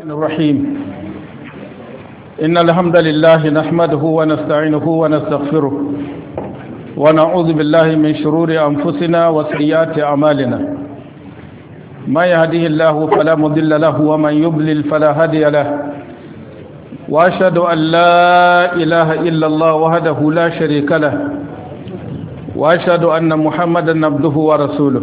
الرحيم إن الحمد لله نحمده ونستعينه ونستغفره ونعوذ بالله من شرور أنفسنا وسيئات أعمالنا ما يهديه الله فلا مضل له ومن يضلل فلا هادي له وأشهد أن لا إله إلا الله وحده لا شريك له وأشهد أن محمدا عبده ورسوله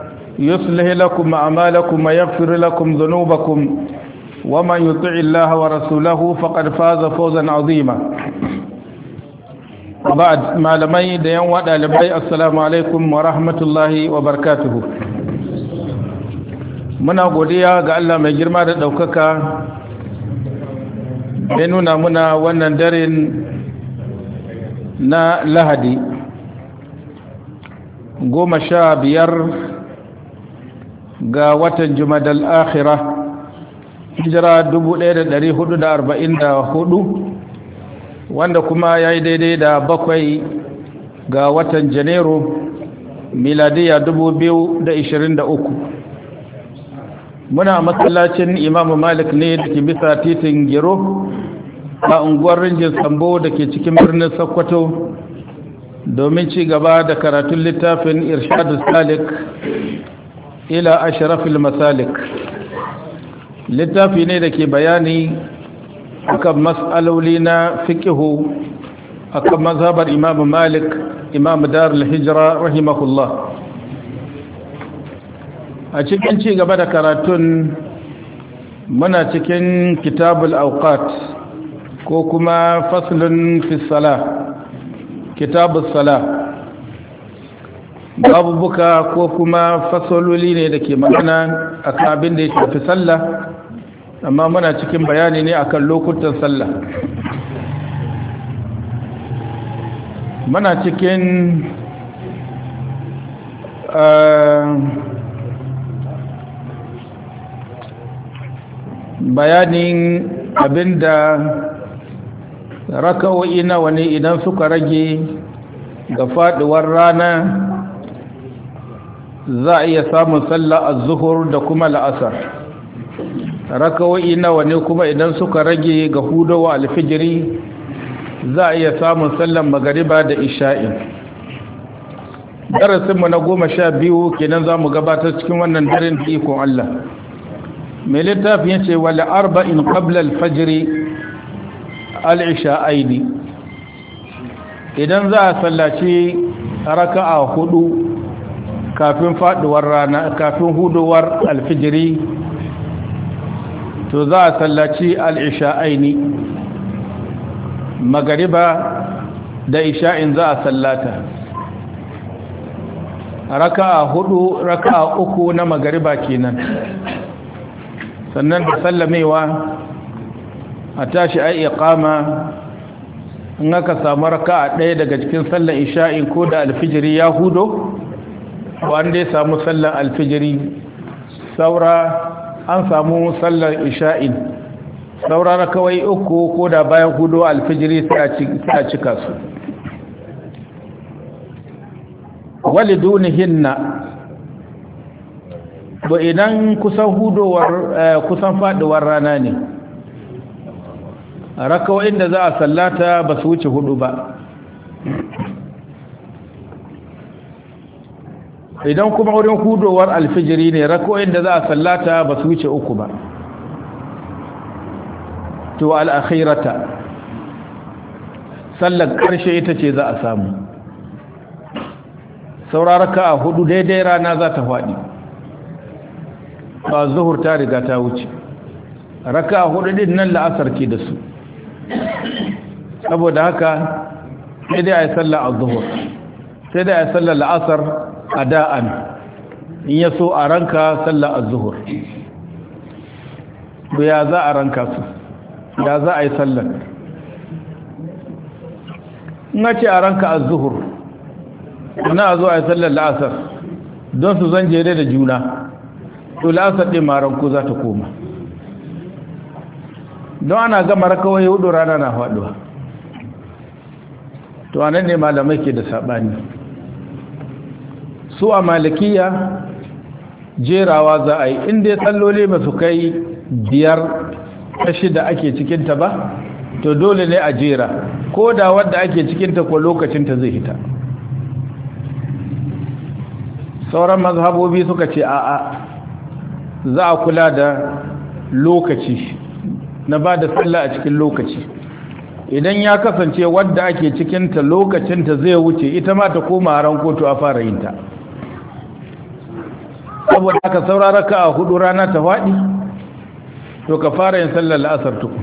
يصلح لكم أعمالكم ويغفر لكم ذنوبكم ومن يطع الله ورسوله فقد فاز فوزا عظيما بعد ما لمي ديان ودا لبي السلام عليكم ورحمة الله وبركاته muna godiya ga Allah mai girma da ɗaukaka ya nuna muna wannan daren na lahadi goma sha biyar ga watan jumadal akhira hijira 1444 wanda kuma ya yi daidai da bakwai ga watan janairu miladiya 2023 muna matsalacin imamu malik ne da ke bisa titin gero a unguwar rinjin sambo da ke cikin birnin sokoto domin ci gaba da karatun littafin irshadu salik ila ashrafil masalik littafi ne da ke bayani akan mas'aloli na fiqihu akan mazhabar imam malik imam dar al-hijra rahimahullah a cikin ci gaba da karatun muna cikin kitabul auqat ko kuma faslun fi salah kitabus salah babubuka ko kuma fasaloli ne da ke magana a abin da ya shafi sallah amma muna cikin bayani ne a kan lokutan sallah muna cikin eh, bayanin abin da raka'o'i nawa ne idan suka rage ga faduwar rana za a iya samun sallah a zuhur da kuma la'asar rakawai nawa ne kuma idan suka rage ga hudowa alfijiri za a iya samun sallan magariba da isha'i darasinmu na goma sha biyu kenan za mu gabatar cikin wannan daren da ikon Allah mai littafin ya ce wale arba'in kablal fajiri al'isha'aini idan za a sallaci raka'a hudu kafin faduwar rana kafin huduwar alfijiri to za a sallaci aini magariba da isha'in za a sallata raka'a hudu raka'a uku na magariba kenan sannan da sallamewa a tashi a kama in aka samu raka'a ɗaya daga cikin sallan isha'in ko da alfijiri ya hudo wanda ya samu sallar alfijiri saura an samu sallar isha'in saura na kawai uku ko da bayan hudu alfijiri ta cika su walidunihinna to idan kusan hudowar eh, kusan faduwar rana ne rakawa inda za a sallata ba su wuce hudu ba idan kuma wurin hudowar alfijiri ne rakoyin da za a sallata ba su wuce uku ba to al'akhirata sallar ƙarshe ita ce za a samu sauraraka a hudu daidai rana za ta faɗi ba zuhur ta riga ta wuce raka a hudu din nan la'asar ke da su saboda haka sai dai a yi sallar a zuhur sai dai a yi sallar la'asar ada'an in ya so a ranka sallar azuhur to ya za a ranka su ya za a yi sallar na ce a ranka azuhur na a zo a yi sallar la'asar don su zan jere da juna to la'asar ɗin maranku za ta koma don ana gama rakawai hudu rana na faɗuwa to anan ne malamai ke da saɓani su a malikiya jerawa za a yi inda ya tsalloli ba su kai biyar ta shida ake cikinta ba to dole ne a jera ko da wadda ake cikinta ko lokacinta zai hita sauran mazhabobi suka ce a'a za a kula da lokaci na ba da sallah a cikin lokaci idan ya kasance wadda ake cikinta lokacinta zai wuce ita ma ta koma ranko kotu a fara yinta saboda aka saura ka a hudu rana ta faɗi to ka fara yin sallar la'asar tuku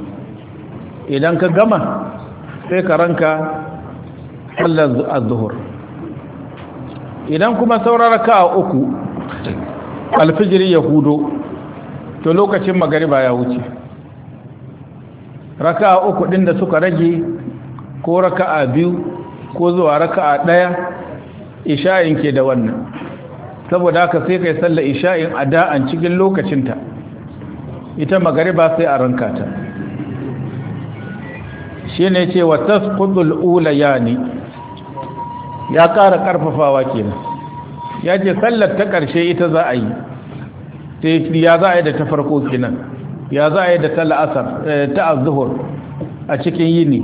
idan ka gama sai ka ranka sallar azuhur idan kuma saurara ka a uku alfijiri ya hudo to lokacin magariba ya wuce raka a uku ɗin da suka rage ko raka a biyu ko zuwa raka a ɗaya isha'in ke da wannan saboda haka sai kai sallar isha'in ada'an cikin lokacinta ita magariba sai a ranka ta ne ce wa tasqudul yani ya ƙara ƙarfafawa kenan ya ce sallar ta ƙarshe ita za a yi ya za a yi da ta farko kenan ya za a yi da ta la'asar eh, ta a cikin yini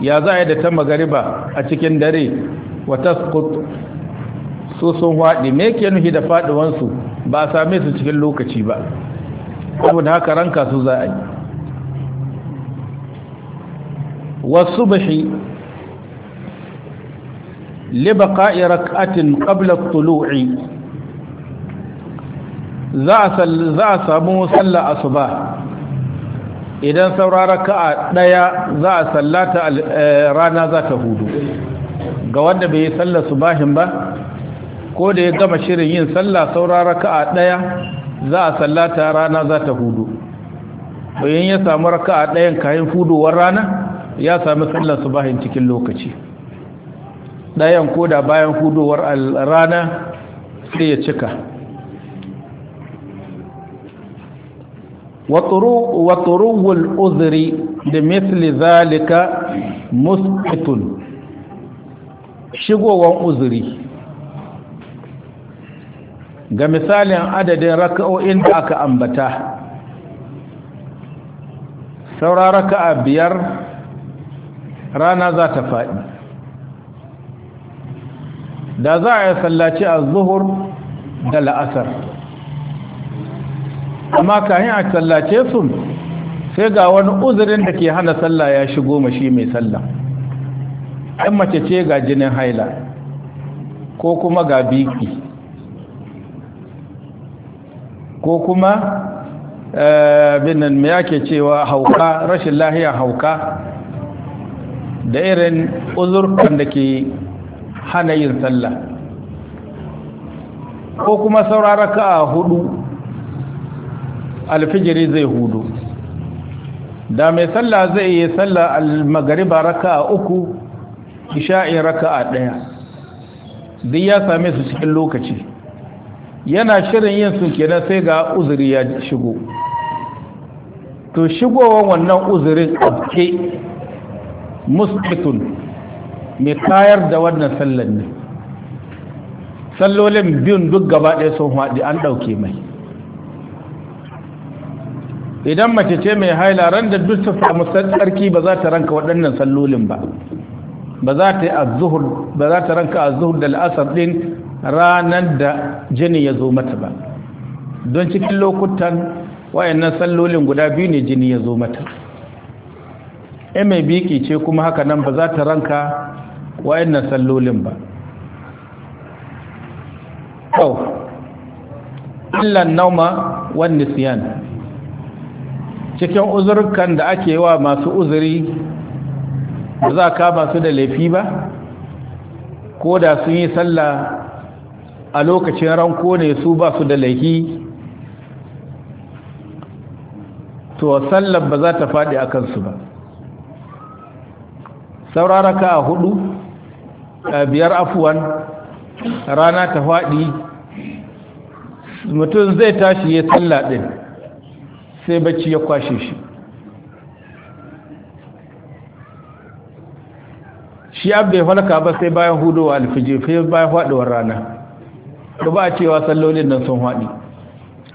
ya za a yi da ta magariba a cikin dare wa tasqut so sun waɗe me ke nufi da faɗuwansu ba a same su cikin lokaci ba saboda haka ranka su za a yi wasu bashi libaka'i rak'atin qabla tulu'i za a samu sallar asuba idan saura raka'a ɗaya za a sallata eh, rana za ta hudu ga wanda bai yi sallar subahin ba ko da ya gama shirin yin sallah saura raka'a daya za a sallata rana za ta hudu bayan ya samu raka'a dayan kayan hudowar rana ya sami sallar subahin cikin lokaci dayan ko da bayan hudowar rana sai ya cika وطروه الأذر بمثل zalika مسقط shigowar uzuri. ga misalin adadin raka'o'in da aka ambata saura raka'a biyar rana za ta faɗi da za a yi sallaci a zuhur da la'asar amma kayan a sallace su sai ga wani uzurin da ke hana sallah ya shigo mashi mai sallah ɗan mace ce ga jinin haila ko kuma ga biki ko kuma eh, binan ya ke cewa hauka rashin lahiya hauka da irin uzurkan da ke hana yin sallah ko kuma saurara ka hudu alfijiri zai hudu da mai sallah zai yi sallah almagariba raka uku isha'i raka a ɗaya duk ya same su cikin lokaci yana shirin yin su kenan sai ga uzuri ya shigo to shigowar wannan uzurin abke musbitun mai tayar da wannan sallan ne sallolin biyun duk gaba ɗaya sun haɗi an ɗauke mai idan mace ce mai haila ran da duk ta samu sarki ba za ta ranka waɗannan sallolin ba ba za ta yi azzuhur ba za ta ranka azzuhur da al'asar din ranar da jini ya zo mata ba don cikin lokutan wayannan sallolin guda biyu ne jini ya zo mata in mai biki ce kuma haka nan ba za ta ranka wayannan sallolin ba kau illan nauma wani siyan cikin uzurkan da ake wa masu uzuri ba za ka kama su da laifi ba ko da sun yi sallah a lokacin ranko ne su ba su da laifi to sallar ba za ta faɗi a kansu ba sauraraka a hudu a biyar afuwan rana ta faɗi mutum zai tashi ya sallah ɗin sai bacci ya kwashe shi shi bai falaka ba sai bayan hudowa alfijir sai bayan faduwar rana da ba a cewa sallolin nan sun haɗi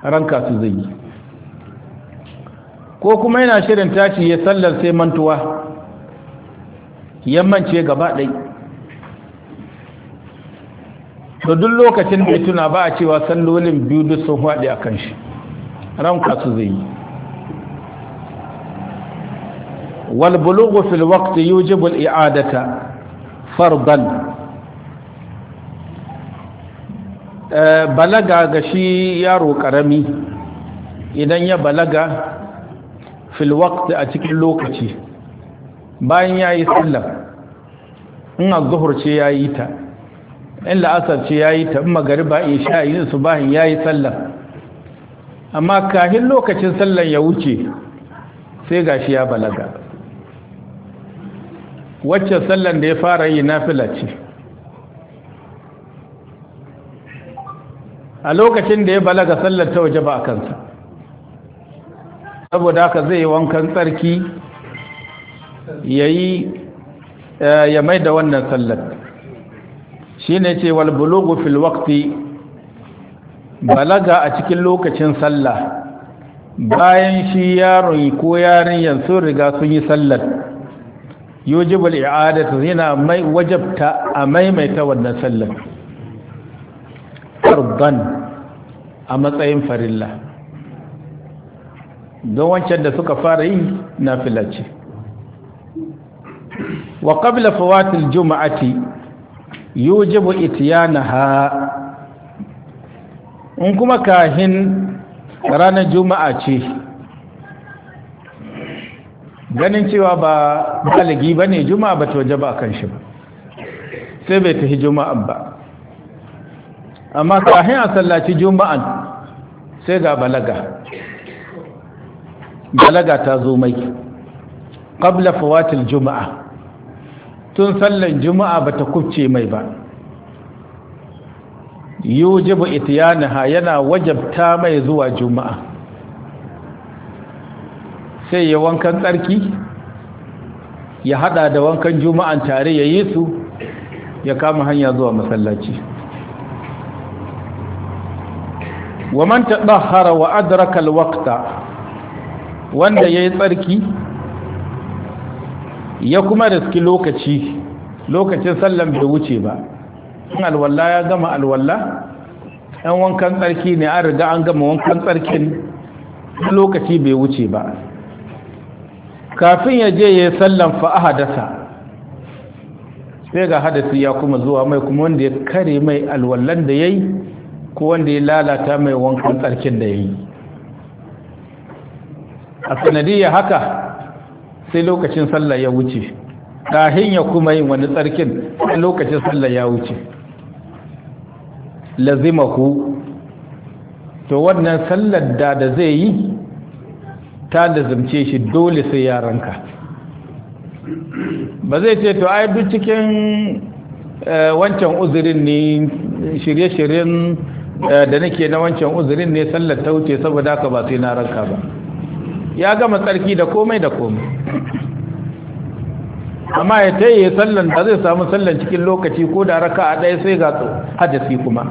ranka su zai yi ko kuma yana shirin tashi ya sallar sai mantuwa yammance gaba ɗai da duk lokacin da tuna ba a cewa sallolin biyu duk sun haɗi a kan shi ranka su zai yi والبلوغ في الوقت يوجب الإعادة fardan eh, balaga ga shi yaro karami idan ya balaga fil waqti a cikin lokaci bayan ya yi sallah in azuhur ce ya yi ta in la'asar ce ya yi ta in magariba in sha yin su ya yi sallah amma kahin lokacin sallan ya wuce sai gashi ya balaga wacce sallan da ya fara yi nafila ce a lokacin da ya balaga sallar ta waje ba a kansa saboda haka zai yi wankan tsarki ya eh, ya mai da wannan sallar shi ne ce walbulogu filwakti balaga a cikin lokacin sallah bayan shi yaron ko yaron sun riga sun yi sallar yujibul i'adatu yana mai wajabta a maimaita wannan sallar farban a matsayin farilla don wancan da suka fara yi nafila ce wa qabla fawatil juma'ati yujibu ityanaha in kuma kahin ranar juma'a ce ganin cewa ba malagi ba ne juma'a ba ta waje ba kan shi ba sai bai tafi juma'a ba amma kafin a sallaci juma'an sai ga balaga balaga ta zo mai Kabla fawatil juma'a tun sallan juma'a ba ta kubce mai ba yujibu itiyanaha yana wajabta mai zuwa juma'a sai ya wankan tsarki ya hada da wankan juma'an tare ya yi su ya kama hanya zuwa masallaci wa man tadahhara wa adraka alwaqta wanda yayi tsarki ya kuma riski lokaci lokacin sallan bai wuce ba in alwala ya gama alwala ɗan wankan tsarki ne an riga an gama wankan tsarkin lokaci bai wuce ba kafin ya je ya yi sallan fa'ahadasa sai ga hadasi ya kuma zuwa mai kuma wanda ya kare mai alwallan da ya yi ko wanda ya lalata mai wankan tsarkin da ya yi a sanadiyya haka sai lokacin sallah ya wuce kahin ya kuma yin wani tsarkin lokacin sallah ya wuce lazimahu to wannan sallar da da zai yi ta da zance shi dole sai yaranka ba zai ce to ai duk cikin eh, wancan uzurin ne shirye-shiryen eh, da nake na wancan uzurin ne sallar ta wuce saboda ka ba sai na ranka ba ya gama tsarki da komai da komai amma ya yi sallan da zai samu sallar cikin lokaci ko da raka a ɗaya sai ga hadasi kuma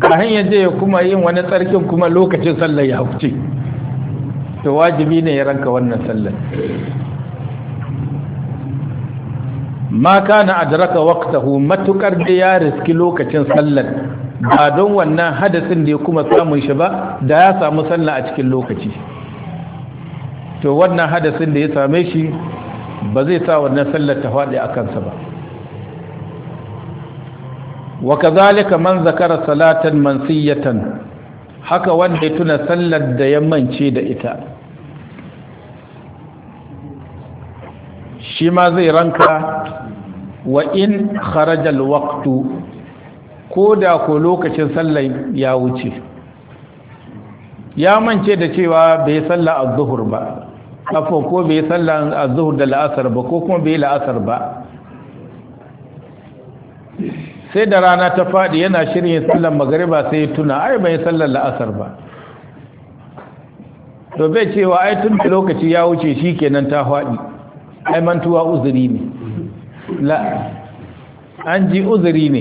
kahin ya je kuma yin wani tsarkin kuma lokacin sallar ya huce to wajibi ne ya ranka wannan sallar ma kana adraka waqtahu matukar da ya riski lokacin sallar ba don wannan hadasin da ya kuma samun shi ba da ya samu sallar a cikin lokaci to wannan hadasin da ya same shi ba zai sa wannan sallar ta faɗi a kansa ba wa kazalika man zakara salatan mansiyatan haka wanda ya tuna sallar da ya mance da ita shi ma zai ranka wa in kharajal waqtu ko da ko lokacin sallah ya wuce ya mance da cewa bai sallah az-zuhur ba afon ko bai sallah az-zuhur da la'asar ba ko kuma bai la'asar ba sai da rana ta faɗi yana shirin sallar magariba sai ya tuna ai bai sallar la'asar ba to bai cewa ai tun lokaci ya wuce shikenan ta faɗi ai mantuwa uzuri ne la an ji uzuri ne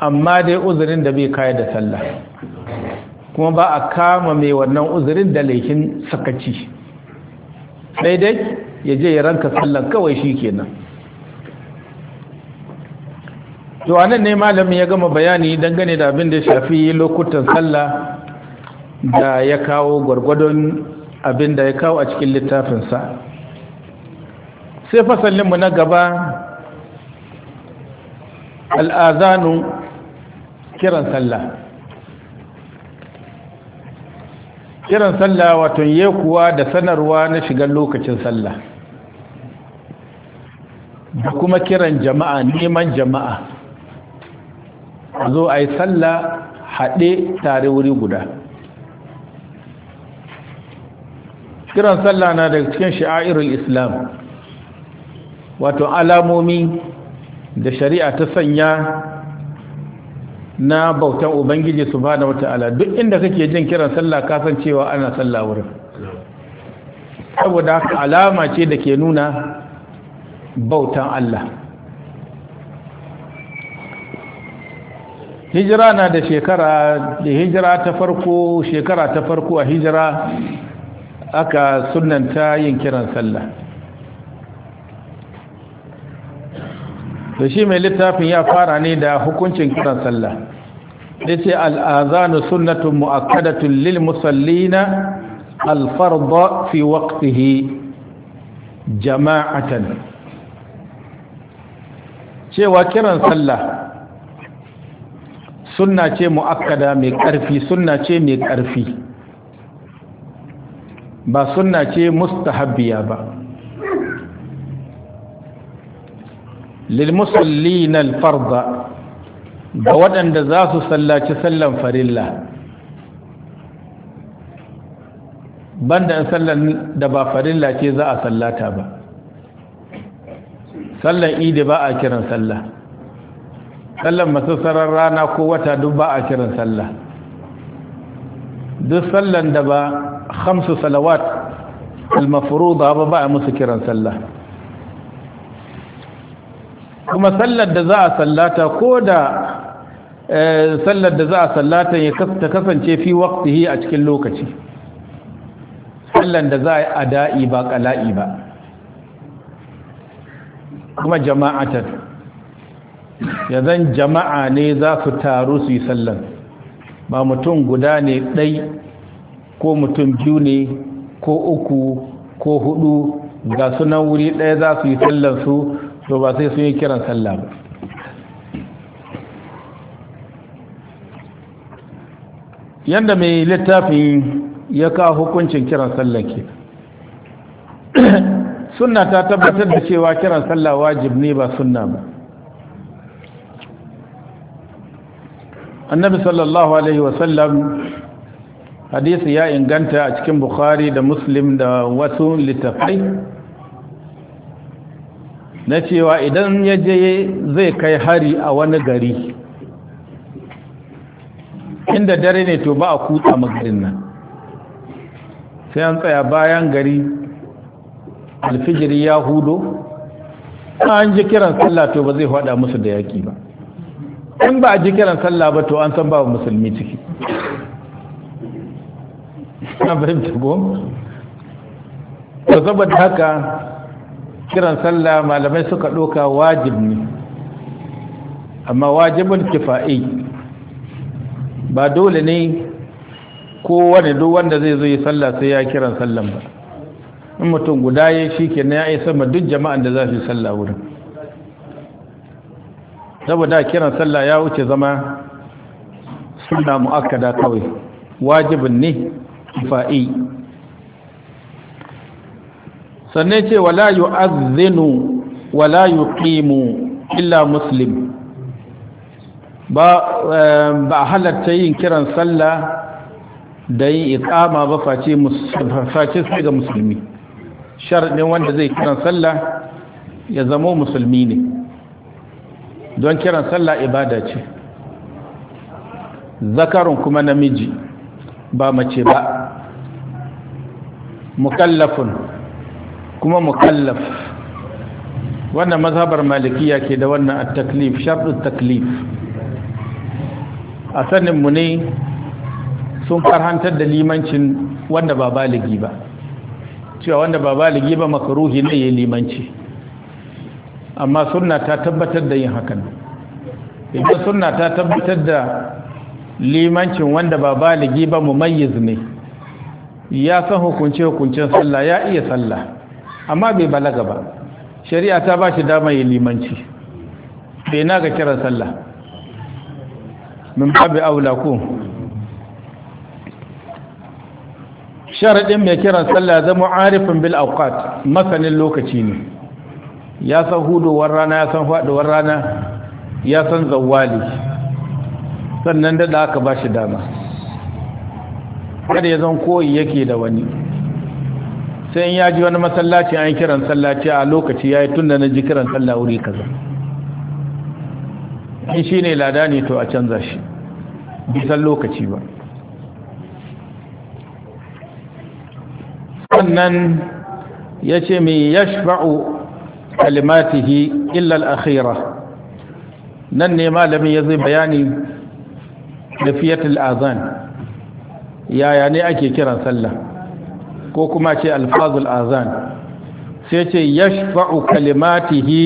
amma dai uzurin da bai kayar da sallah kuma ba a kama mai wannan uzurin da laifin sakaci sai dai ya je ya ranka Sallah kawai shi kenan to anan ne malamin ya gama bayani dangane da abin da ya shafi lokutan sallah da ya kawo gwargwadon abin da ya kawo a cikin littafinsa sai fasalinmu na gaba al'azanu kiran sallah kiran sallah wato kuwa da sanarwa na shigar lokacin sallah da kuma kiran jama'a neman jama'a a zo a yi sallah haɗe tare wuri guda kiran sallah na daga cikin sha'airul islam wato alamomi da shari'a ta sanya na bautan ubangiji subhanahu wata'ala duk inda kake jin kiran sallah kasancewa ana sallah wurin saboda alama ce da ke nuna bautan Allah hijira na da shekara da hijira ta farko shekara ta farko a hijira aka sunanta yin kiran sallah to shi mai littafin ya fara ne da hukuncin kiran sallah yace ce al'azanu sunnatun mu'akkadatun lil musallina alfarba fi waqtihi jama'atan cewa kiran sallah sunna ce mu'akkada mai ƙarfi sunna ce mai ƙarfi ba sunna ce mustahabbiya ba للمصلين الفرض ga waɗanda za su sallaci sallan farilla banda sallan da ba farilla ce za a sallata ba sallan idi ba a kiran sallah sallan masasarar rana ko wata duk ba a kiran sallah duk sallan da ba hamsu salawat al-mafruḍa ba ba a musu kiran sallah kuma sallar da za a sallata ko da eh, sallar da za a sallata ya ta kasance fi waqtihi a cikin lokaci sallar da za a yi ada'i ba kalai ba kuma jama'atar. Ya zan jama'a ne za su taru su yi sallar ba mutum guda ne ɗai ko mutum biyu ne ko uku ko hudu ga sunan wuri ɗaya za su yi sallar su to ba sai sun yi kiran sallah ba yadda mai littafin ya kawo hukuncin kiran sallah ke sunna ta tabbatar da cewa kiran sallah wajib ne ba sunna ba annabi sallallahu alaihi wasallam hadisi ya inganta a cikin bukhari da muslim da wasu littafai na cewa idan ya je zai kai hari a wani gari inda dare ne to ba a kutsa magarin nan sai an tsaya bayan gari alfijiri ya hudo an ji kiran sallah to ba zai hada musu da yaki ba in ba a ji kiran sallah ba to an san ba musulmi ciki na fahimta ko? saboda haka kiran sallah malamai suka ɗoka wajib ne amma wajibin kifa'i ba dole ne kowane duk wanda zai zo yi sallah sai ya kiran sallah ba in mutum guda ya shi ke na ya isa ma duk jama'an da za su yi sallah wurin saboda kiran sallah ya wuce zama suna mu'akkada kawai wajibin ne kifa'i sannan ce wala yu'adhdhinu wala ƙimu illa muslim eh, ba a halatta yin kiran sallah da yin ikama ba face su ga musulmi sharaɗin wanda zai kiran sallah ya zamo musulmi ne don kiran sallah ibada ce zakarun kuma namiji ba mace ba mukallafun kuma mukallaf wannan mazhabar malikiya ke da wannan at-taklif shartut taklif a sanin mu ne sun farhantar da limancin wanda ba baligi ba cewa wanda ba baligi ba makruhi ne ya limanci amma sunna ta tabbatar da yin hakan idan sunna ta tabbatar da limancin wanda ba baligi ba mumayyiz ne ya san hukunce hukuncen sallah ya iya sallah amma bai balaga ba shari'a ta ba shi dama ya limanci bai na ga kiran sallah min babu aula ko sharaɗin mai kiran sallah zama arifin bil auqat masanin lokaci ne ya san hudowar rana ya san faɗuwar rana ya san zawali sannan da aka ba shi dama kada ya zan koyi yake da wani sai ya ji wani masallaci an kiran sallaci a lokaci ya yi tun da na ji kiran sallah wuri kaza in shi ne lada ne to a canza shi bisan lokaci ba sannan ya ce mai ya shafa'u kalimatihi illal akhira nan ne malamin ya zai bayani da fiyatul azan yaya ne ake kiran sallah ko kuma ce alfazul azan sai ce yashfa'u kalimatihi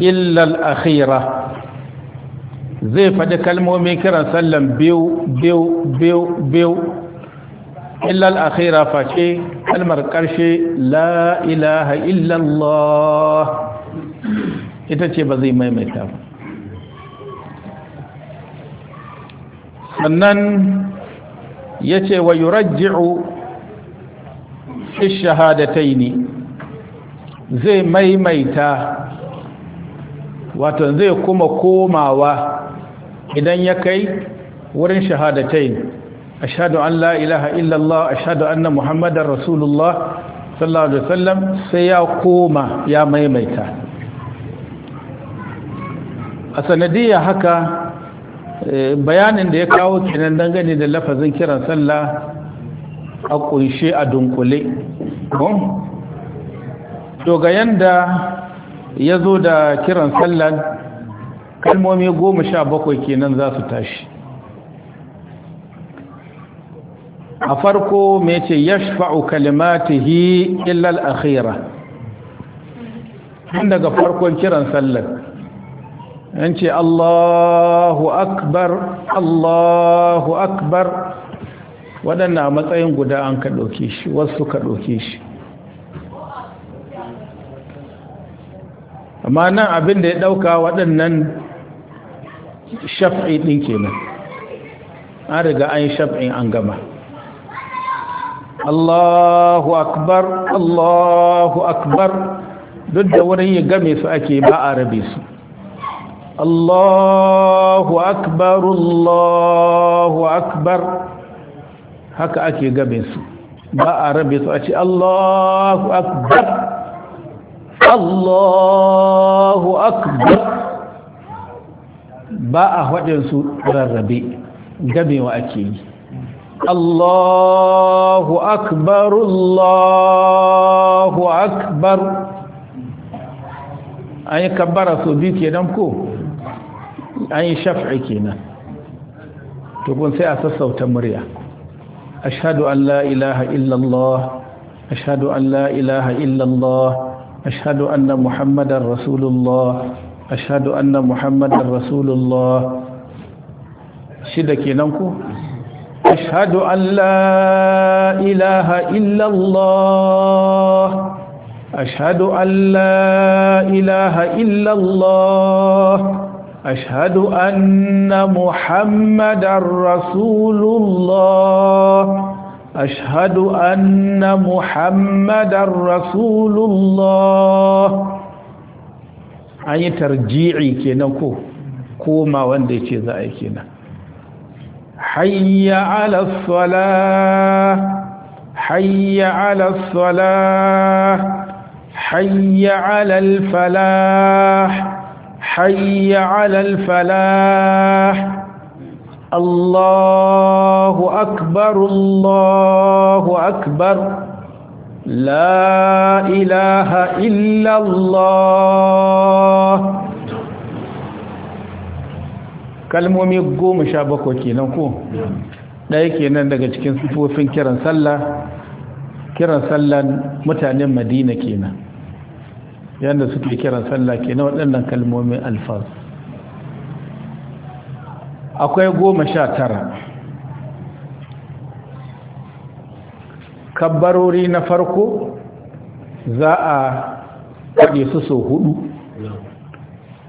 illa al-akhira zai faɗi kalmomin kiran sallan biyu biyu biyu biyu illa al-akhira face kalmar ƙarshe la ilaha illallah ita ce ba zai maimaita ba sannan ya ce wa yurajji'u shahadataini zai maimaita wato zai kuma komawa idan ya kai wurin shahadataini ashadu an la ilaha illallah ashhadu anna muhammadar rasulullah sallallahu alaihi wasallam sai ya koma ya maimaita a sanadiyya haka eh, bayanin da ya kawo kenan dangane da lafazin kiran sallah a ƙunshe a dunkule to ga yanda ya zo da kiran sallar kalmomi goma sha bakwai kenan za su tashi a farko mai ce ya shafa'u kalimatihi illal akhira tun daga farkon kiran sallar yan ce allahu akbar allahu akbar waɗanda a matsayin guda an ka ɗauke shi wasu ka ɗauke shi amma nan abin da ya ɗauka waɗannan shaf'i ɗin kenan an riga an yi shaf'in an gama Allahu akbar Allahu akbar duk da wurin ya game su ake ba a rabe su Allahu akbar Allahu akbar haka ake game su ba a rabe su a ce Allahu akbar Allahu akbar ba a haɗin su rarrabe gamewa ake yi Allahu akbar Allahu akbar an yi kabbara so biyu kenan ko an yi shaf'i kenan tukun sai a sassauta murya أشهد أن لا إله إلا الله أشهد أن لا إله إلا الله أشهد أن محمدا رسول الله أشهد أن محمدا رسول الله شدك ينكو أشهد أن لا إله إلا الله أشهد أن لا إله إلا الله أشهد أن محمد رسول الله أشهد أن محمد رسول الله أي ترجيعي كنكو كوما واندي تزاي كنا حي على الصلاة حي على الصلاة حي على الفلاح حي على الفلاح الله أكبر الله أكبر لا إله إلا الله kalmomi goma sha bakwai kenan ko ɗaya kenan daga cikin sufofin kiran sallah kiran sallan mutanen madina kenan yadda suke kiran sallah ke na waɗannan kalmomin alfaz akwai goma sha tara kabbarori na farko za a faɗi su sau hudu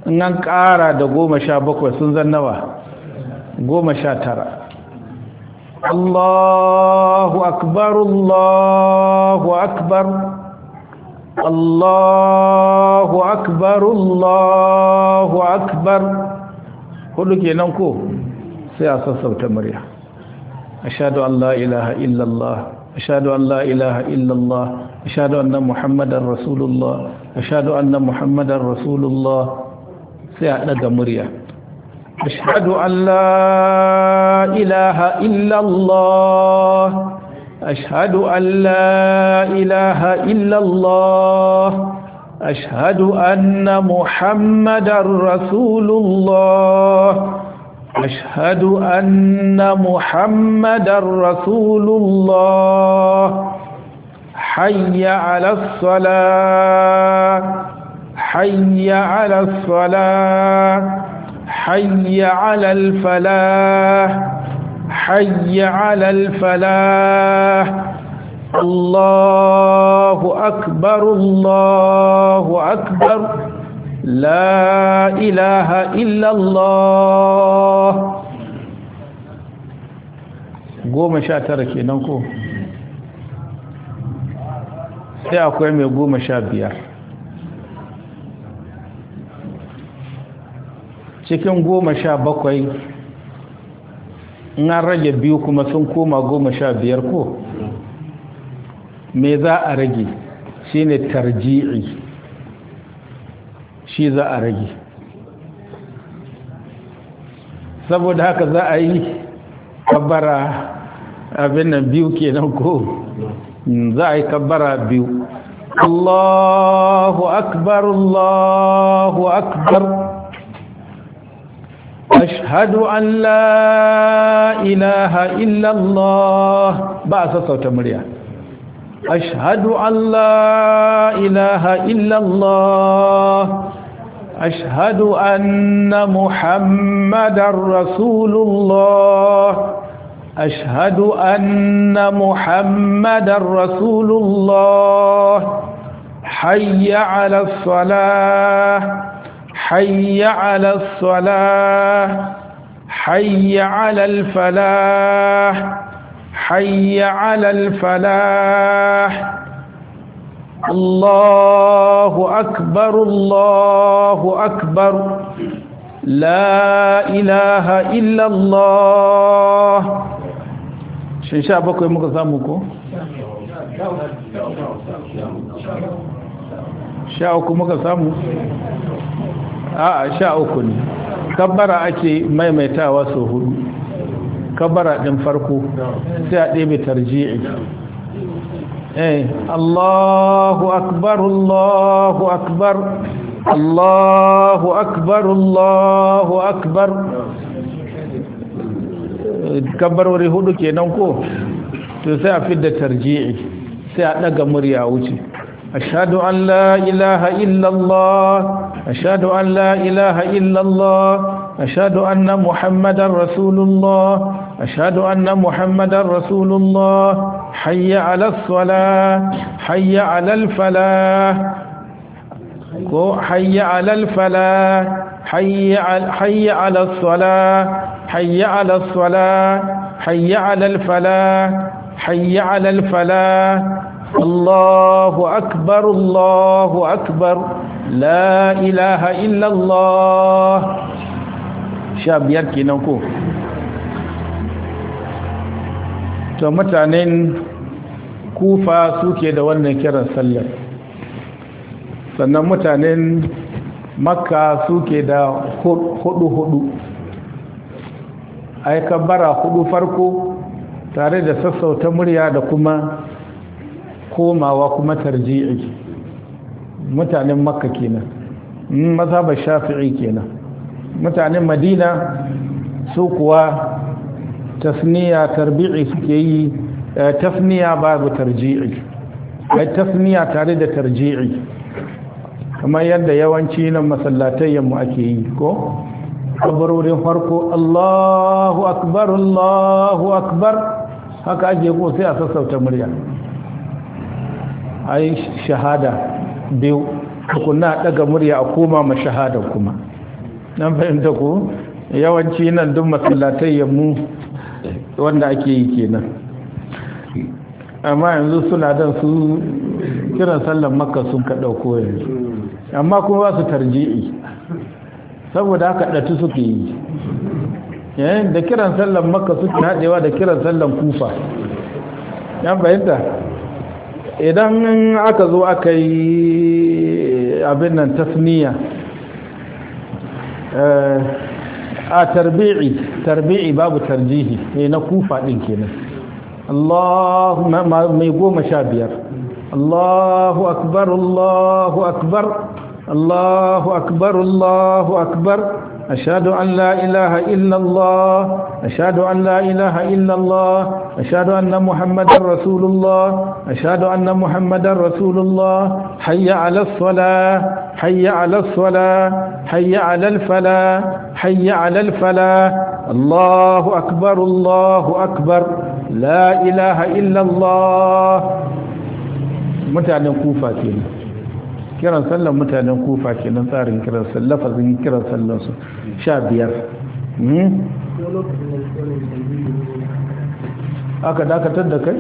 in an ƙara da goma sha bakwai sun zannawa goma sha tara Allahu akbar Allahu akbar Allahu akbar Allahu akbar hudu kenan ko sai a sassauta murya ashhadu an la ilaha allah ashhadu an la ilaha allah ashhadu anna muhammadar rasulullah ashhadu anna muhammadar rasulullah sai a daga murya ashhadu an la ilaha allah. أشهد أن لا إله إلا الله أشهد أن محمدا رسول الله أشهد أن محمدا رسول الله حي على الصلاة حي على الصلاة حي على الفلاح حي على الفلاح الله أكبر الله أكبر لا إله إلا الله goma sha tara kenan ko sai akwai mai goma sha biyar cikin goma sha bakwai na rage biyu kuma sun koma goma sha biyar ko me za a rage shi ne tarji'i shi za a rage saboda haka za a yi kabbara abin nan biyu kenan ko za a yi kabbara biyu Allahu akbar Allahu akbar أشهد أن لا إله إلا الله بعث صوت مريا أشهد أن لا إله إلا الله أشهد أن محمد رسول الله أشهد أن محمد رسول الله حي على الصلاة حي على الصلاة حي على الفلاح حي على الفلاح الله أكبر الله أكبر لا إله إلا الله شنشابك مكسامكو ومغزامك uku muka a'a sha uku ne kabbara ake maimaitawa su hudu kabbara din farko sai a ɗebe tarji'i eh Allahu akbar Allahu akbar Allahu akbar Allahu akbar kabbarori hudu kenan ko to sai a fidda tarji'i sai a daga murya wuce ashadu an la ilaha illallah أشهد أن لا إله إلا الله أشهد أن محمد رسول الله أشهد أن محمد رسول الله حي على الصلاة حي على الفلاح حي على الفلاح حي على حي على الصلاة حي على الصلاة حي على الفلاح حي على الفلاح الله أكبر الله أكبر la ilaha illallah sha biyar يركي ko to mutanen kufa suke da wannan kiran sallar sannan mutanen makka suke da hudu-hudu ai kabbara hudu farko tare da sassauta murya da kuma komawa kuma tarji'i mutanen makka kenan mm, mazhabar shafi'i kenan mutanen madina su kuwa tasniya tarbi'i suke yi eh, tasniya babu tarji'i ai tasniya tare da tarji'i kamar yadda yawanci nan masallatayyanmu ake yi ko kabarorin farko allahu akbar allahu akbar haka ake ko sai a sassauta murya ai shahada biyu tukuna daga murya a koma ma shahada kuma nan fahimta ku yawanci nan duk masallatai mu wanda ake yi kenan amma yanzu suna dan su kiran sallan makka sun ka dauko yanzu amma kuma ba su tarji'i saboda haka datu suke yi yayin eh, da kiran sallan makka suke hadewa da kiran sallan kufa yan fahimta idan aka zo aka yi abin nan tasniya eh, a tarbi'i tarbi'i babu tarjihi ne eh, na kufa din kenan Allahu mai goma sha biyar Allahu akbar Allahu akbar الله أكبر الله أكبر أشهد أن لا إله إلا الله أشهد أن لا إله إلا الله أشهد أن محمدا رسول الله أشهد أن محمدا رسول الله حي على الصلاة حي على الصلاة حي على الفلاح حي على الفلاح الله أكبر الله أكبر لا إله إلا الله متى نكوفا kiran sallar mutanen kufa kenan tsarin kiran sallar zai kiran sallar su sha biyar hmm? aka dakatar da kai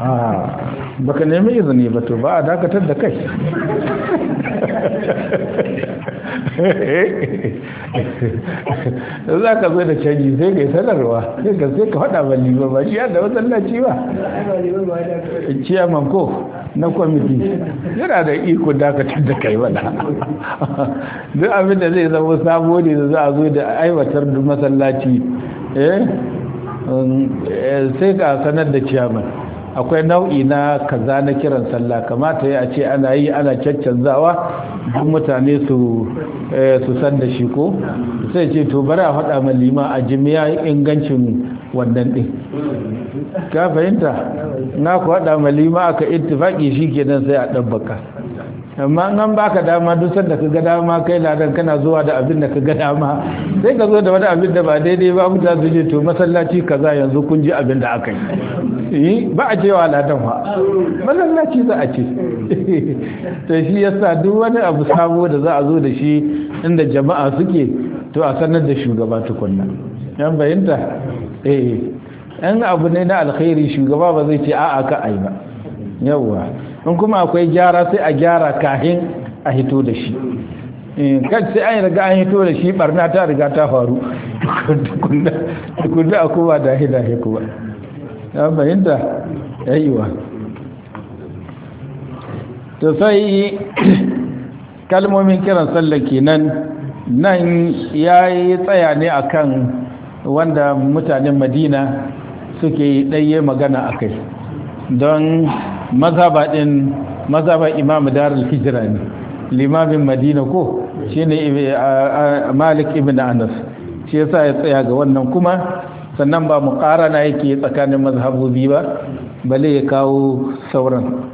ah, baka nemi izini ba to ba a dakatar da kai za ka zo da canji sai ka sanarwa sai ka faɗa ba liba ba shi yadda masallaci ba ciyaman ko na kwamiti yana da iko dakatar da kai wada duk abin da zai zama sabo ne da za a zo da aiwatar da masallaci eh? Um, eh, sai ka sanar da ciyaman akwai nau'i na kaza na kiran sallah kamata ya ce ana yi ana caccanzawa duk mutane su eh, san da shi ko sai ce to bari a faɗa ma lima a jimiya ingancin wannan ɗin ka fahimta na ku haɗa malima aka ittifaƙi shi kenan sai a ɗabbaka amma ba baka dama duk sanda ka ga dama kai ladan kana zuwa da abin da ka ga dama sai ka zo da wani abin da ba daidai ba mutane su je to masallaci kaza yanzu kun ji abin da aka yi eh, ba a cewa ladan fa masallaci za a ce to shi yasa duk wani abu sabo da za a zo da shi inda jama'a suke to a sanar da shugaba tukunna yan bayanta eh an abu ne na alkhairi shugaba ba zai ce a'a ka ai ba yawa in kuma akwai gyara sai a gyara kahin a hito da shi eh, kan sai an riga an hito da shi barna ta riga ta faru tukunna a kuma da hidaye kuma ya fahimta yayiwa to sai kalmomin kiran sallah kenan nan ya yi tsaya ne akan wanda mutanen madina suke ɗanye magana a kai don mazabaɗin mazhabar imamu darul hijira ne limamin madina ko shi ne eh, eh, malik ibn anas shi yasa ya tsaya ga wannan kuma sannan ba mu na yake tsakanin mazhabobi ba bale ya kawo sauran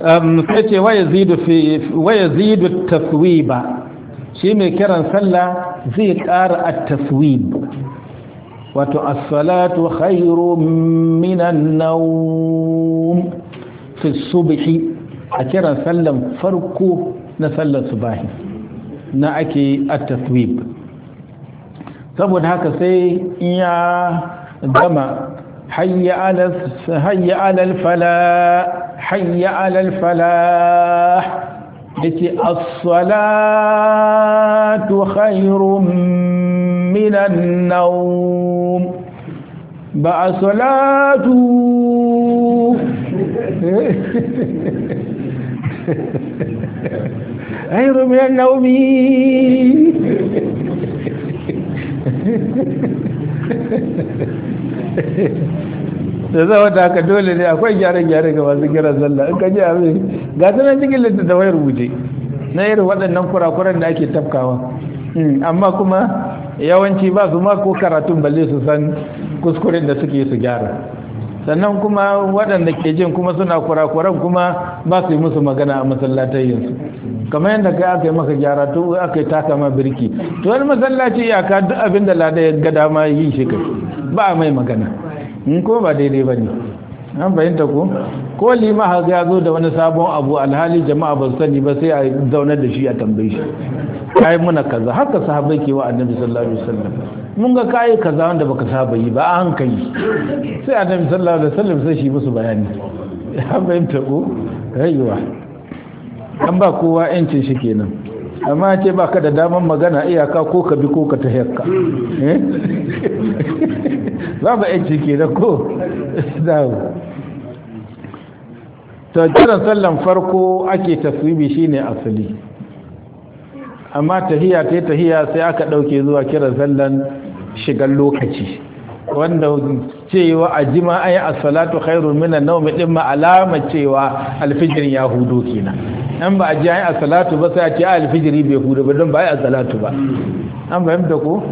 sai ce waya zidu taswiba shi mai kiran sallah ذكر التثويب واتو الصلاة خير من النوم في الصبح أكرا سلم فرقو نسل صباحي نأكي التثويب سبون هكا سي يا جمع حي على الفلاح حي على الفلاح لك الصلاة خير من النوم بقى الصلاة خير من النوم Hehehehe da zai wata haka dole ne akwai gyare-gyare ga masu kiran sallah in ka ji abin ga sanar cikin wayar rubuce na irin waɗannan kurakuran da ake tafkawa hmm, amma kuma yawanci ba su ma ko karatun balle su san kuskurin da suke su gyara sannan kuma waɗanda ke jin kuma suna kurakuran kuma ba su yi musu magana a yanzu kamar yadda kai aka yi maka gyara to aka yi taka ma birki to wani masallaci iyaka duk abinda da lada ya ga dama yi shi ba a mai magana ko ba daidai ba ne an fahimta ko ko limaha ya zo da wani sabon abu alhali jama'a ba sani ba sai a zaunar da shi a tambaye shi kai muna kaza haka sahabbai ke wa annabi sallallahu alaihi wasallam mun ga kai kaza wanda baka saba yi ba an kai sai annabi sallallahu alaihi wasallam sai shi musu bayani an fahimta ko rayuwa an ba kowa yancin shi kenan amma ce ba da daman magana iyaka ko ka bi ko ka ta hekka za ba yanci ke da ko zawo ta jiran sallan farko ake taswibi shine asali amma tahiya ta tahiya sai aka ɗauke zuwa kiran sallan shigar lokaci wanda cewa a jima an yi asalatu khairun minan naumi mai ma alama cewa alfijirin ya hudu kenan an ba a ji an yi asalatu ba sai a ce ah, alfijiri bai hudu ba don ba yi asalatu ba an fahimta ko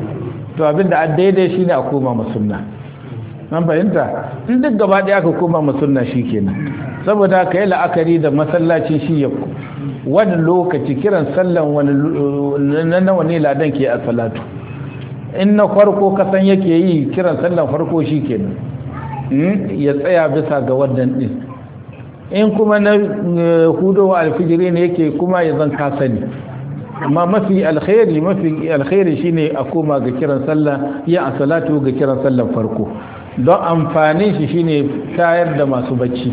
to abinda an daidai shi ne a koma musunna an fahimta in duk gaba ɗaya aka koma ke kenan saboda ka yi la'akari da masallacin shi ya wani lokaci kiran sallan wani ladan ke a salatu in na farko kasan yake yi kiran sallar farko shi kenan hmm? ya tsaya bisa ga wannan din in kuma na eh, hudowa alfijiri ne yake kuma ya zan kasani amma mafi alkhairi mafi alkhairi shine a koma ga kiran sallah ya a salatu ga kiran sallar farko don amfanin shi shine tayar da masu bacci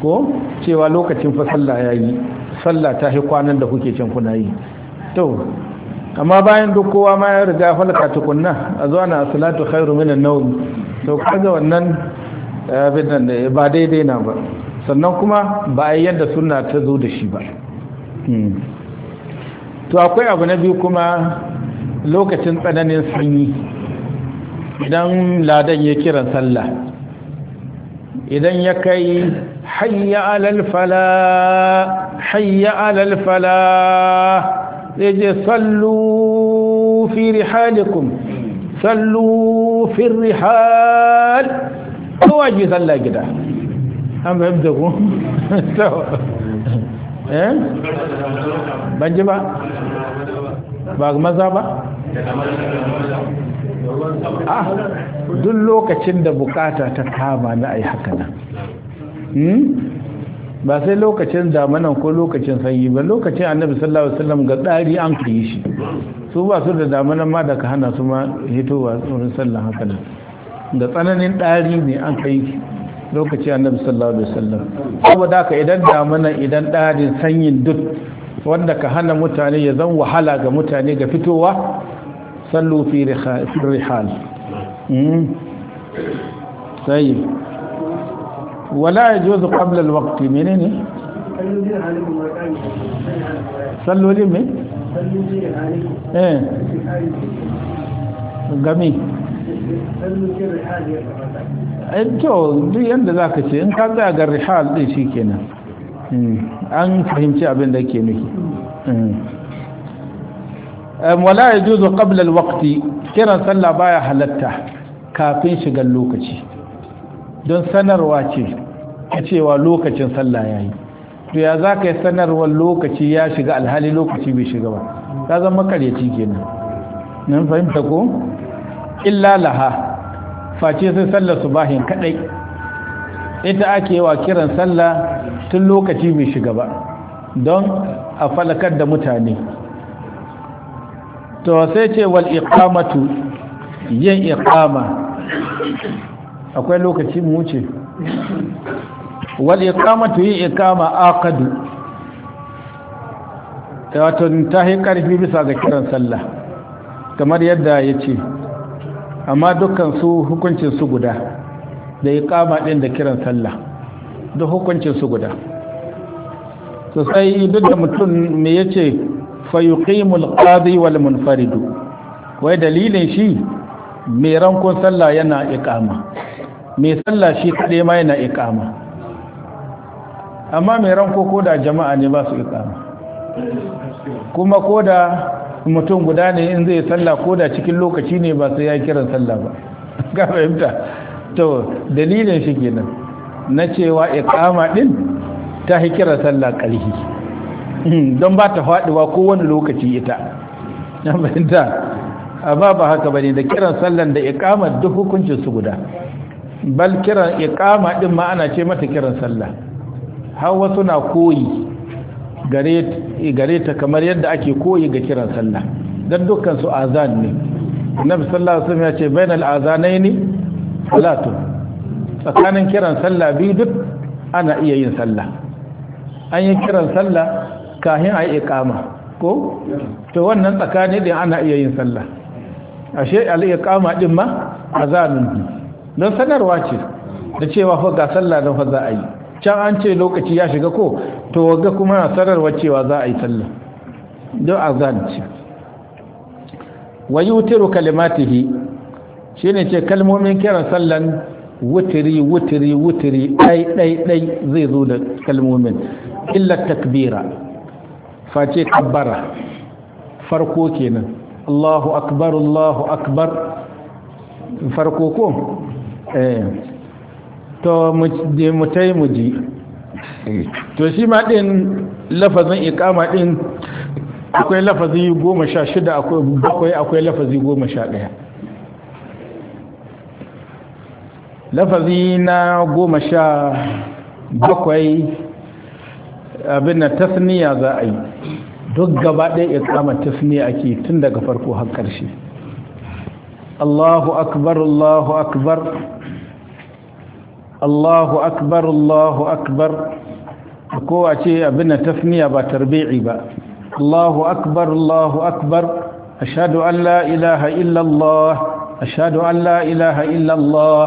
ko cewa lokacin fa sallah yayi sallah ta hi kwanan da kuke can kuna yi to amma bayan duk kowa ma ya riga falka tukunna a zuwa na salatu khairu minan nawm to kaga wannan eh, bidan ba daidai na ba sannan kuma ba a yadda suna ta zo da shi ba hmm. to akwai abu na biyu kuma lokacin tsananin sanyi idan ladan ya kiran sallah idan ya kai hayya alal fala hayya alal fala sai je sallu fi rihalikum sallu fi rihal kowa ji sallah gida an bai da eh ban ji ba ba maza ba ah duk lokacin da bukata ta kama na ai haka na. ba sai lokacin zamanin ko lokacin sanyi ba lokacin annabi sallallahu alaihi wasallam ga dari an kai shi su ba su da zamanin ma da ka hana su ma hitowa wurin sallah haka nan da tsananin ɗari ne an kai lokacin annabi sallallahu alaihi wasallam saboda ka idan zamanin idan ɗarin sanyin duk wanda ka hana mutane ya zan wahala ga mutane ga fitowa sallu fi rihal hmm. sai wala ya juzu qabla alwaqti menene sallolin me eh gami eh, to duk yadda za ka ce in ka a ga rihal ɗin shi kenan hmm. an fahimci abin da ke nufi hmm. wala ya juzo ƙablal waƙti kiran sallah baya halatta kafin shigar lokaci don sanarwa ce a cewa lokacin sallah ya yi to ya za ka yi sanarwar lokaci ya shiga alhali lokaci bai shiga ba ta zama makaryaci kenan nan fahimta ko illa laha face sai sallar bahin kadai ita ake wa kiran sallah tun lokaci bai shiga ba don a falakar da mutane to sai ce wal iqamatu yin iqama akwai lokaci mu wuce wal tu yi iqama aqadu ta ta yi karfi bisa ga kiran sallah kamar yadda ya ce amma dukkan su hukuncin su guda da kama ɗin da kiran sallah duk hukuncin su guda Sosai sai da mutum me yace ce yuqimul qadi wal munfaridu wai dalilin shi mai rankon sallah yana ikama mai sallah shi kaɗe ma yana ikama amma mai ranko ko da jama'a ne ba su ikama kuma ko da mutum guda ne in zai sallah ko da cikin lokaci ne ba sai ya kiran sallah ba ga fahimta to dalilin shi kenan na cewa ikama din ta yi kiran sallah kalhi don ba ta faduwa kowane lokaci ita na fahimta amma ba haka ne da kiran sallan da ikamar duk hukuncin su guda bal kiran iqama din ma ana ce mata kiran sallah hawa suna koyi gare gare ta kamar yadda ake koyi ga kiran sallah dan dukkan su azan ne annabi sallallahu alaihi wasallam ya ce bainal azanaini salatu tsakanin kiran sallah biyu duk ana iya yin sallah an yi kiran sallah kahin ayi iqama ko to wannan tsakani din ana iya yin sallah ashe al iqama din ma azanin don sanarwa ce da cewa fa ga sallah don fa za a yi can an ce lokaci ya shiga ko to ga kuma sanarwa cewa za a yi sallah don azan ce wa yutiru kalimatihi shine ce kalmomin kiran sallan wutiri wutiri wutiri ɗai ɗai ɗai zai zo da kalmomin illa takbira face kabbara farko kenan Allahu akbar Allahu akbar farko ko Eh. to mu tai mu to shi ma din lafazin ikama din akwai lafazi goma sha shida akwai akwai lafazi goma sha ɗaya lafazi na goma sha bakwai abin na tasniya za a yi duk gaba ɗaya ikama tasniya ake tun daga farko har ƙarshe allahu akbar allahu akbar Allahu akbar Allahu akbar ko a ce abin da tasniya ba tarbi'i ba Allahu akbar Allahu akbar ashhadu an la ilaha illa Allah ashhadu an la ilaha illa Allah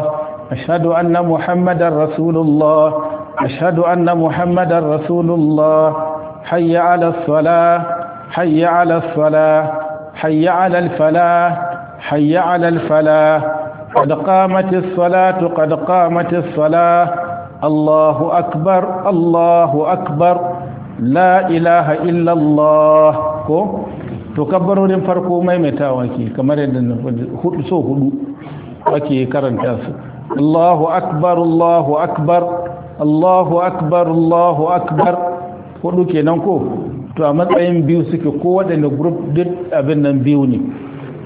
ashhadu anna muhammadar rasulullah ashhadu anna muhammadar rasulullah hayya 'ala as-salah hayya 'ala as-salah hayya 'ala al-falah hayya 'ala al-falah قد قامت الصلاة قد قامت الصلاة الله أكبر الله أكبر لا إله إلا الله تكبروا لنفرقوا ما يمتاوكي كما ردنا سو هدو وكي كرن الله أكبر الله أكبر الله أكبر الله أكبر هدو كي ننكو to a matsayin biyu suke ko waɗanda grup duk abin nan biyu ne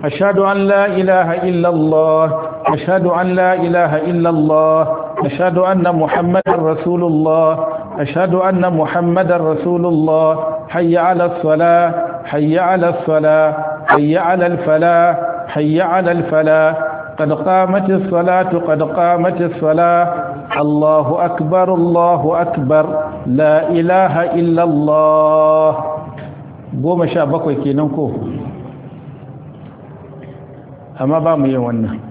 ashadu an la ilaha illallah أشهد أن لا إله إلا الله أشهد أن محمدا رسول الله أشهد أن محمدا رسول الله حي على الصلاة حي على الصلاة حي على الفلاح حي على الفلاح قد قامت الصلاة قد قامت الصلاة الله أكبر الله أكبر لا إله إلا الله goma sha bakwai kenan ko amma ba mu yi wannan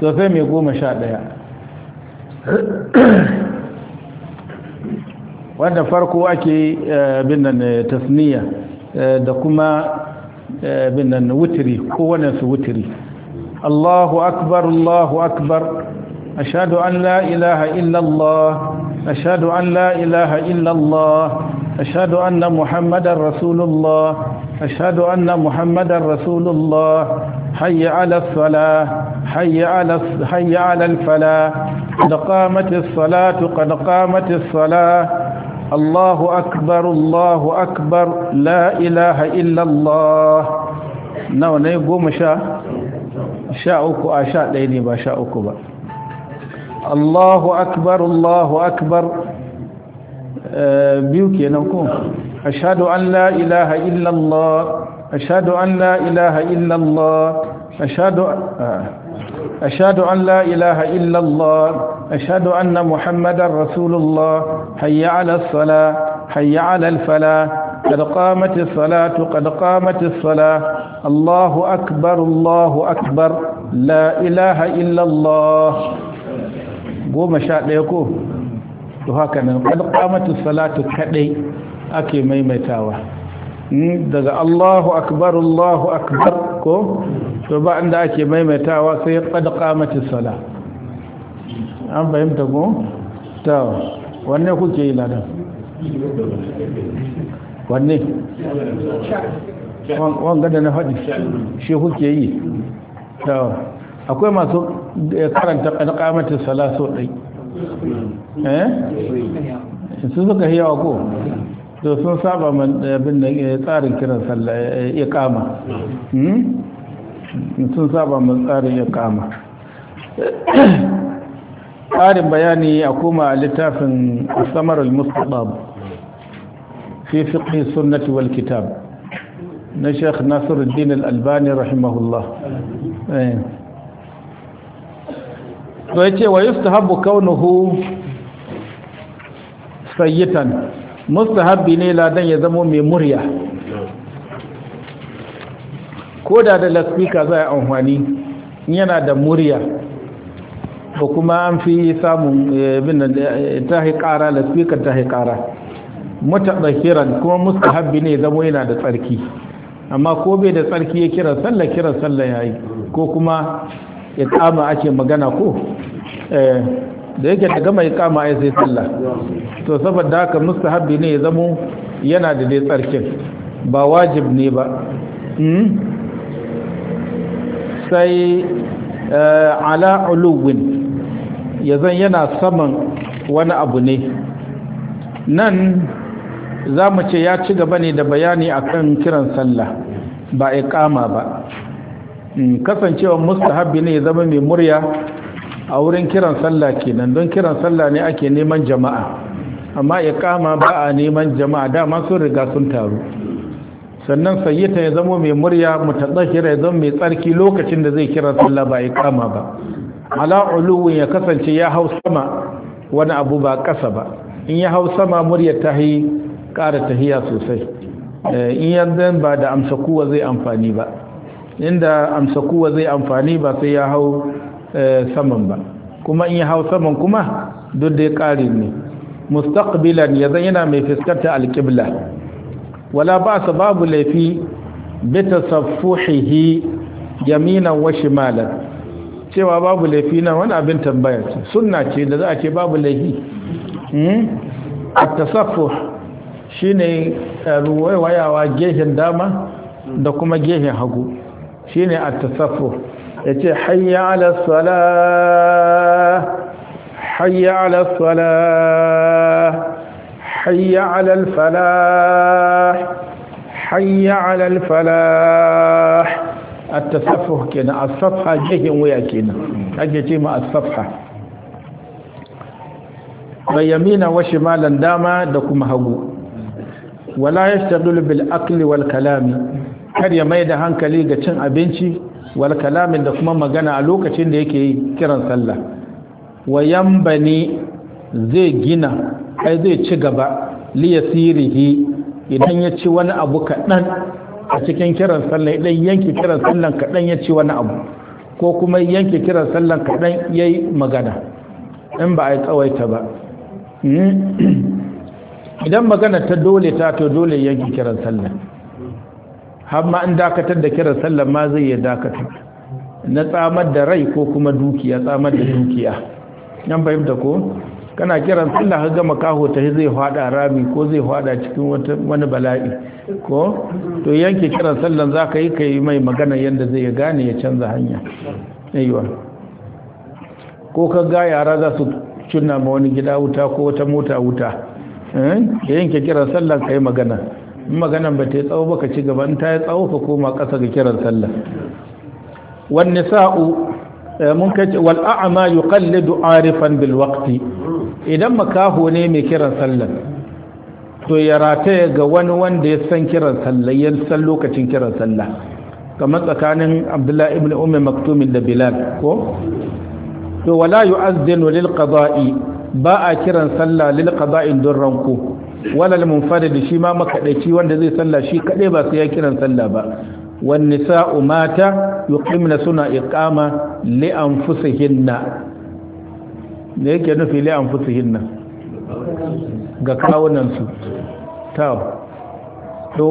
to mai goma sha ɗaya wanda farko ake bin nan tasniya da kuma bin nan wutiri kowane su wutiri Allahu akbar Allahu akbar ashhadu an la ilaha illallah ashhadu an la ilaha illallah أشهد أن محمد رسول الله أشهد أن محمد رسول الله حي على حي على حي على الفلاح قد قامت الصلاة قد قامت الصلاة الله أكبر الله أكبر لا إله إلا الله نو نيقوم شاء شاءك أشاء ليني با شاءك با الله أكبر الله أكبر بيوكي نوكو أشهد أن لا إله إلا الله أشهد أن لا إله إلا الله أشهد أن... أشهد أن لا إله إلا الله أشهد أن محمدا رسول الله حي على الصلاة حي على الفلاح قد قامت الصلاة قد قامت الصلاة الله أكبر الله أكبر لا إله إلا الله goma sha ɗaya ko to haka nan ƙalƙamatu salatu kaɗai ake maimaitawa Hmm, daga Allahu akbar Allahu akbar ko to ba inda ake maimaitawa sai qad qamatis sala an fahimta ko to wanne kuke yi ladan wanne wanga da na faɗi shi kuke yi to akwai masu eh, karanta qad qamatis sala so dai eh su suka hiyawa ko to sun saba abin da tsarin kiran sallah ya kama sun saba mun tsarin ya kama tsarin bayani a kuma littafin samar al-mustaqab fi fiqh sunnati wal kitab na Sheikh Nasiruddin Al-Albani rahimahullah to yace wa yustahabu kaunuhu sayyitan mustahabbi ne ladan ya zamo mai murya ko da da laspika za a amfani yana da murya ko kuma an fi samun eh, eh, ta haikara laspikar ta haikara mutaɗakiran kuma mustahabbi ne zamo yana da tsarki amma ko bai da tsarki ya kira sallah kira sallah ya yi ko kuma ya kama ake magana ko eh, da yake daga mai kama ya sai sallah to saboda haka mustahabi ne ya zamo yana da dai tsarkin ba wajib ne ba hmm? sai eh, ala uluwin ya zan yana saman wani abu ne nan za mu ce ya ci gaba ne da bayani akan kiran sallah ba kama ba hmm, kasancewa mustahabi ne ya zama mai murya a wurin kiran sallah kenan don kiran sallah ne ake neman jama'a amma ya kama ba a neman jama'a dama sun riga sun taru sannan sayyita ya zama mai murya mutazzahira ya zama mai tsarki lokacin da zai kiran sallah ba ya kama ba ala uluwin ya kasance ya hau sama wani abu ba kasa ba in ya hau sama murya ta yi ta tahiya sosai eh, in yanzu ba da amsa kuwa zai amfani ba inda amsa kuwa zai amfani ba sai ya hau Eh, saman ba kuma in ya hau saman kuma duk da ya ƙari ne mustaqbilan ya zan yana mai fuskanta alƙibla wala ba su babu laifi bita safuhihi yaminan wa shimalan cewa babu laifi na wani abin tambayar suna sunna ce da za a ce babu laifi hmm? a shi ne eh, ruwayawa gehen dama da kuma gehen hagu shi shine a tasaffuh ya ce hayya ala sala hayya ala sala hayya ala falah hayya ala falah at-tasaffuh kenan as-safha jihin waya kenan ake ce ma as-safha yamina wa shimalan dama da kuma hagu wala yashtaghilu bil akli wal kalami kar ya mai da hankali ga cin abinci wal kalamin da kuma magana a lokacin da yake kiran sallah wa yambani zai gina ai zai ci gaba liyasirihi idan ya ci wani abu kaɗan a cikin kiran sallah idan yanki kiran sallan kaɗan ya ci wani abu ko kuma yanki kiran sallan kaɗan ya yi magana in ba a yi tsawaita ba hmm? idan magana ta dole ta to dole yanki kiran sallah. har ma an dakatar da kiran sallar ma zai ya dakatar na tsamar da rai ko kuma dukiya tsamar da dukiya yan fahimta ko kana kiran sallan har gama kaho ta zai hada rami ko zai hada cikin wani bala'i ko to yanke kiran sallan za ka yi ka yi mai magana yadda zai ya gane ya canza hanya aiwa ko ka ga yara za su cunna ma wani gida wuta ko wata mota wuta ka eh? yanke kiran sallan ka yi magana in maganan ba ta yi tsawo ba ka ci gaba in ta yi tsawo ka koma ƙasa ga kiran sallah wan sa'u eh, mun kace wal a'ma yuqallidu arifan bil waqti idan makaho ne mai kiran sallah to ya rataya ga wani wanda ya san kiran sallah ya san lokacin kiran sallah kamar tsakanin abdullahi ibn ummi maktumin da bilal ko to wala yu'azzinu lil qada'i ba a kiran sallah lil qada'in don ranko walal munfarid shi ma makadaici wanda zai sallah shi kadai ba sai ya kiran sallah ba wan nisa'u mata yuqimna suna iqama li anfusihinna ne yake nufi li anfusihinna ga kawunan su ta to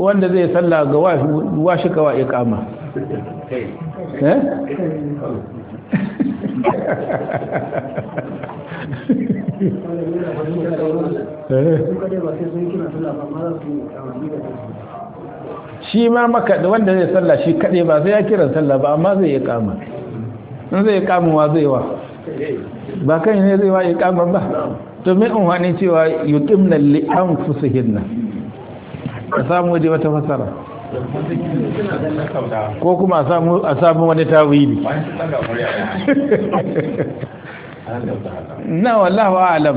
wanda zai sallah ga washi kawa iqama eh shi ma maka wanda zai sallah shi kaɗe ba sai ya kiran sallah ba amma zai yi kama in zai kama wa zai wa ba kai ne zai wa yi kama ba to mai wani cewa yi ƙimna li'an fusuhin hinna a samu waje wata fasara ko kuma a samu wani tawili na wallahu alam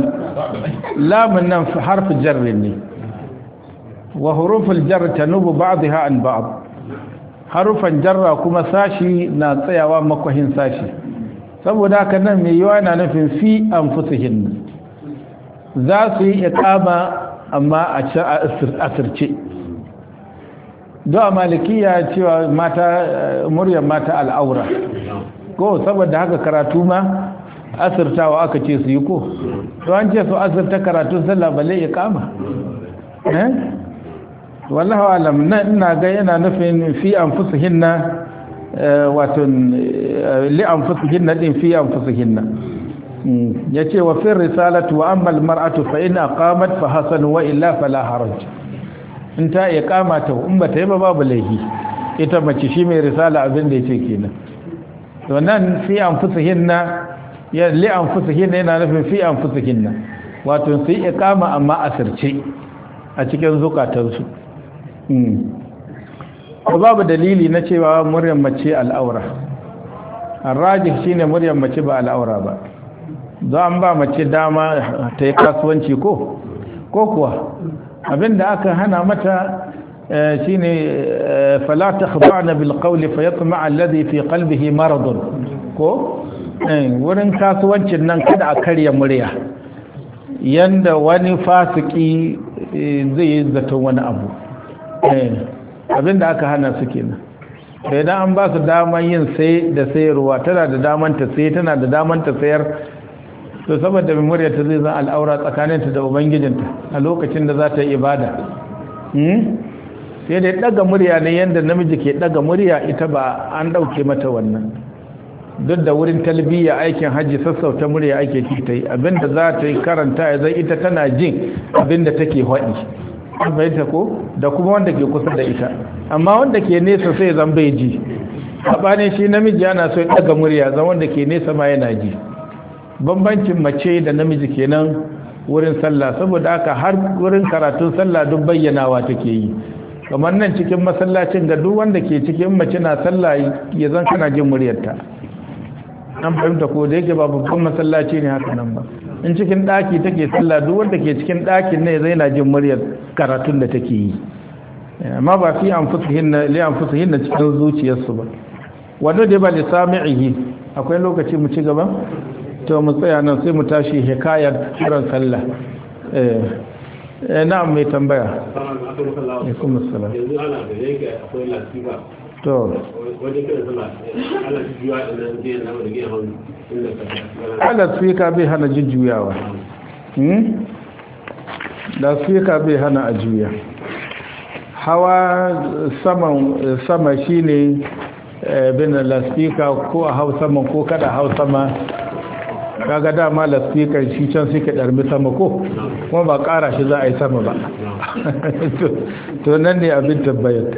lamun nan harfi jarri ne wa hurufin jarri ta nubu an ba'ad harufan jarra kuma sashi na tsayawa makwahin sashi saboda haka nan mai yiwa na nufin fi an fusuhin za su yi ikama amma a asirce. Do malikiya cewa mata eh, muryar mata al'aura ko saboda haka karatu ma asirtawa aka ce su yi ko to an ce su asirta karatun sallah balle ya kama eh wallahu alam na ina ga yana nufin fi anfusihinna eh, wato eh, li anfusihinna din fi anfusihinna hmm. yace wa fi risalatu wa amma al mar'atu fa ina aqamat fa hasan wa illa fala haraj in ta iya kama ta in ba ta yi ba babu laifi ita mace shi mai risala abin da yake kenan to nan fi anfusihinna ya li anfusihin yana nufin fi anfusihin nan wato su yi iqama amma asirce a cikin zukatansu hmm. ko babu dalili na cewa muryar mace al'aura arrajih shine muryar mace ba al'aura ba za an ba mace dama ta yi kasuwanci ko ko kuwa abinda aka hana mata eh, shine eh, fala takhda'na bil qawli fayatma alladhi fi qalbihi marad ko Eh, wurin kasuwancin nan kada a karya murya yanda wani fasiki eh, zai yi zaton wani abu eh, abinda aka hana su kenan sai idan an ba su daman yin sai da sayarwa tana da daman ta sai tana da daman ta sayar to saboda murya ta zai zan al'aura tsakaninta da ubangijinta a lokacin da za ta yi ibada hmm? sai dai daga murya ne yadda namiji ke daga murya ita ba an dauke mata wannan duk da wurin talbiya aikin hajji sassauta murya ake ci abinda za ta karanta ya zai ita tana jin abinda take haɗi fahimta ko da kuma wanda ke kusa da ita amma wanda ke nesa sai zan bai ji saɓanin shi namiji yana so ya ɗaga murya zan wanda ke nesa ma yana ji bambancin mace da namiji kenan wurin sallah saboda haka har wurin karatun sallah duk bayyanawa take yi kamar nan cikin masallacin ga duk wanda ke cikin mace na sallah ya zan kana jin muryarta an fahimta ko da yake ba babban masallaci ne haka nan ba in cikin ɗaki take sallah duk wanda ke cikin ɗakin ne zai na jin muryar karatun da take yi amma ba fi an fusuhin na li an fusuhin na cikin zuciyarsu ba wanda dai ba lisami'ihi akwai lokaci mu ci gaba to mu tsaya nan sai mu tashi hikayar kiran sallah eh, eh na mai tambaya alaikum yanzu ana da to ala speaker bai hana jujjuyawa hmm? da speaker bai hana a juya hawa sama shine eh, bin laspika ko a hau sama ko kada hau sama kaga dama laspikan shi can suke ɗarmi sama ko kuma ba ƙara shi za a yi sama ba to nan ne abin tabbayar